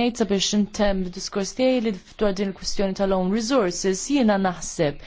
ngħid sabiex intemm id-diskors tiegħi li dwar din il-kwistjoni tal-own resources jiena naħseb